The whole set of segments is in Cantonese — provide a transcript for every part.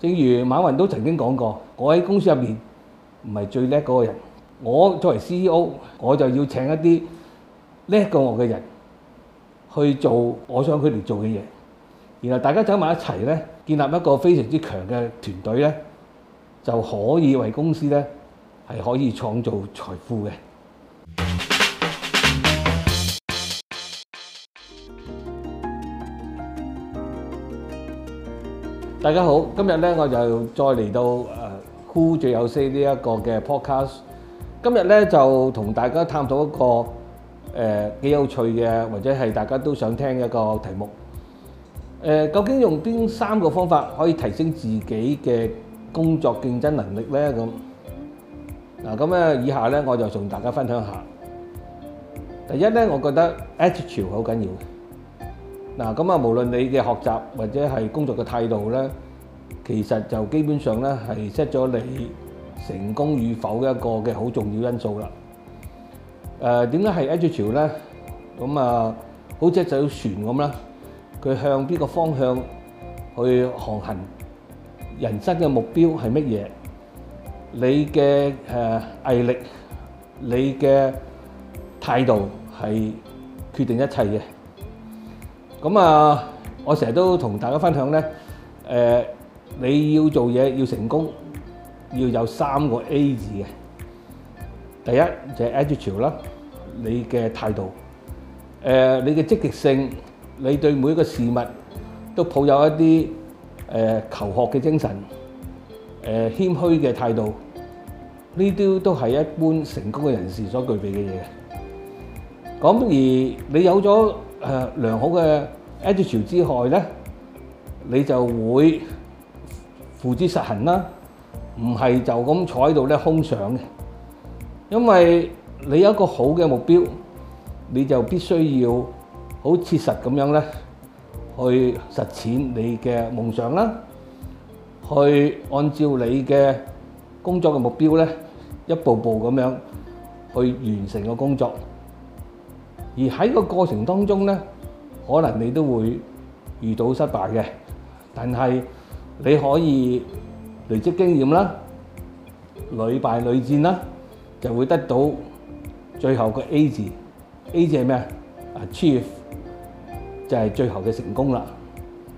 正如馬雲都曾經講過，我喺公司入面唔係最叻嗰個人。我作為 CEO，我就要請一啲叻過我嘅人去做我想佢哋做嘅嘢，然後大家走埋一齊咧，建立一個非常之強嘅團隊咧，就可以為公司咧，係可以創造財富嘅。大家好，今日咧我就再嚟到誒 Who 最有趣呢一個嘅 podcast。今日咧就同大家探討一個誒幾、呃、有趣嘅，或者係大家都想聽一個題目。誒、呃，究竟用邊三個方法可以提升自己嘅工作競爭能力咧？咁嗱，咁、呃、咧以下咧我就同大家分享下。第一咧，我覺得 actual 好緊要。嗱，咁啊，無論你嘅學習或者係工作嘅態度咧，其實就基本上咧係 set 咗你成功與否嘅一個嘅好重要因素啦。誒，點解係咁啊，我成日都同大家分享咧，誒，你要做嘢要成功，要有三個 A 字嘅。第一就係 attitude，啦，你嘅態度，誒，你嘅積極性，你對每一個事物都抱有一啲誒，求學嘅精神，誒，謙虛嘅態度，呢啲都係一般成功嘅人士所具備嘅嘢。咁而你有咗誒，良好嘅 attitude 之外咧，你就會付之實行啦，唔係就咁坐喺度咧空想嘅，因為你有一個好嘅目標，你就必須要好切實咁樣咧去實踐你嘅夢想啦，去按照你嘅工作嘅目標咧一步步咁樣去完成個工作。而喺個過程當中咧，可能你都會遇到失敗嘅，但係你可以累積經驗啦，屢敗屢戰啦，就會得到最後個 A 字。A 字係咩啊？Achieve 就係最後嘅成功啦，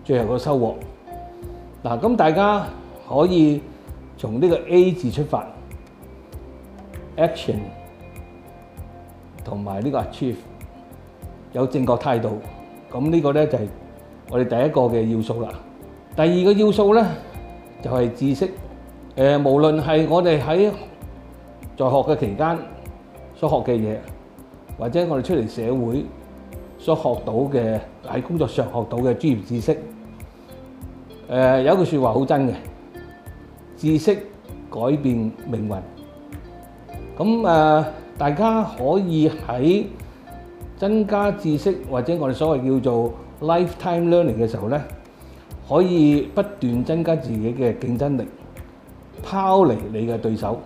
最後嘅收穫。嗱，咁大家可以從呢個 A 字出發，action 同埋呢個 achieve。有正確態度，咁呢個咧就係我哋第一個嘅要素啦。第二個要素咧就係知識。誒，無論係我哋喺在學嘅期間所學嘅嘢，或者我哋出嚟社會所學到嘅、喺工作上學到嘅專業知識。誒，有一句說話好真嘅，知識改變命運。咁誒，大家可以喺增加知識或者我哋所謂叫做 lifetime learning 嘅時候咧，可以不斷增加自己嘅競爭力，拋離你嘅對手。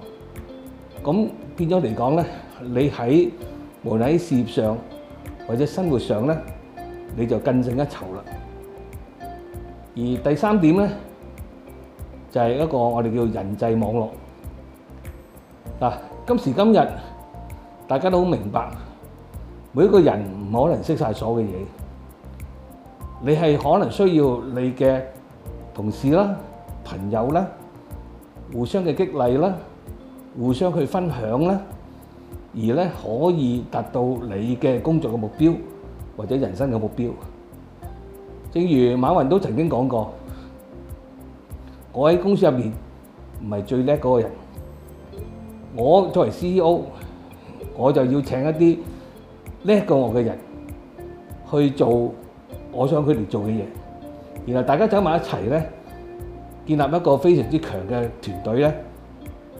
咁變咗嚟講咧，你喺無論喺事業上或者生活上咧，你就更勝一籌啦。而第三點咧，就係一個我哋叫人際網絡嗱。今時今日大家都好明白。每個人唔可能識晒所有嘅嘢，你係可能需要你嘅同事啦、朋友啦，互相嘅激勵啦，互相去分享啦，而咧可以達到你嘅工作嘅目標或者人生嘅目標。正如馬雲都曾經講過，我喺公司入面唔係最叻嗰個人，我作為 CEO，我就要請一啲。呢一個我嘅人去做我想佢哋做嘅嘢，然後大家走埋一齊咧，建立一個非常之強嘅團隊咧，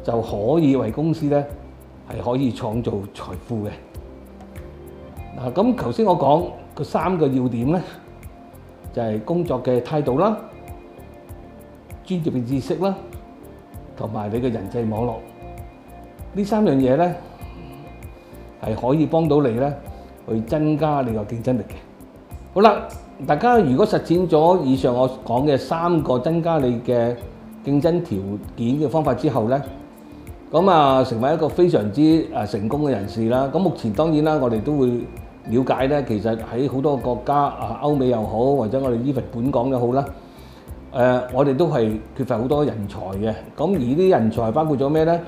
就可以為公司咧係可以創造財富嘅。嗱，咁頭先我講嗰三個要點咧，就係、是、工作嘅態度啦、專業嘅知識啦，同埋你嘅人際網絡呢三樣嘢咧，係可以幫到你咧。去增加你個競爭力嘅。好啦，大家如果實踐咗以上我講嘅三個增加你嘅競爭條件嘅方法之後呢，咁啊成為一個非常之啊成功嘅人士啦。咁目前當然啦，我哋都會了解呢。其實喺好多國家啊，歐美又好，或者我哋 even 本港又好啦，誒，我哋都係缺乏好多人才嘅。咁而啲人才包括咗咩呢？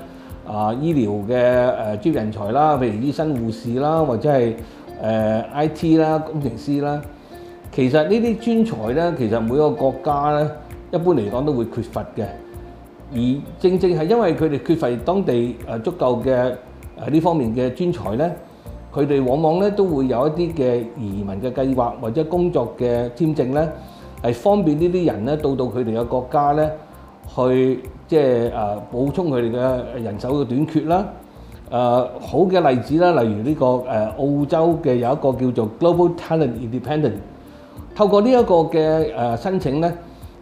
啊，醫療嘅誒專業人才啦，譬如醫生、護士啦，或者係誒、uh, IT 啦，工程師啦，其實呢啲專才呢，其實每個國家呢，一般嚟講都會缺乏嘅。而正正係因為佢哋缺乏當地誒足夠嘅誒呢方面嘅專才呢，佢哋往往呢都會有一啲嘅移民嘅計劃或者工作嘅簽證呢，係方便呢啲人呢到到佢哋嘅國家呢，去即係誒、呃、補充佢哋嘅人手嘅短缺啦。誒、呃、好嘅例子啦，例如呢、呢個誒、呃、澳洲嘅有一個叫做 Global Talent Independent，透過呢一個嘅誒、呃、申請呢，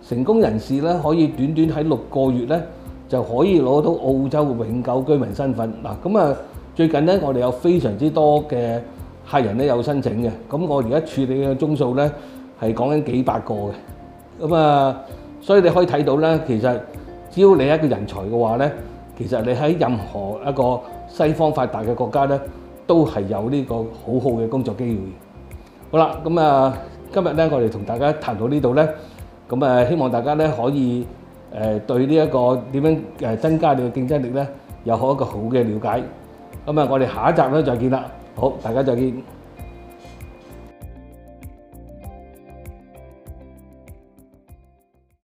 成功人士呢可以短短喺六個月呢就可以攞到澳洲永久居民身份。嗱咁啊、嗯，最近呢我哋有非常之多嘅客人呢有申請嘅，咁、嗯、我而家處理嘅宗數呢係講緊幾百個嘅，咁、嗯、啊、呃，所以你可以睇到呢，其實只要你係一個人才嘅話呢。其實你喺任何一個西方發達嘅國家咧，都係有呢個好好嘅工作機會。好啦，咁啊，今日咧我哋同大家談到呢度咧，咁啊希望大家咧可以誒、呃、對呢、這、一個點樣誒增加你嘅競爭力咧，有好一個好嘅了解。咁啊，我哋下一集咧再見啦。好，大家再見。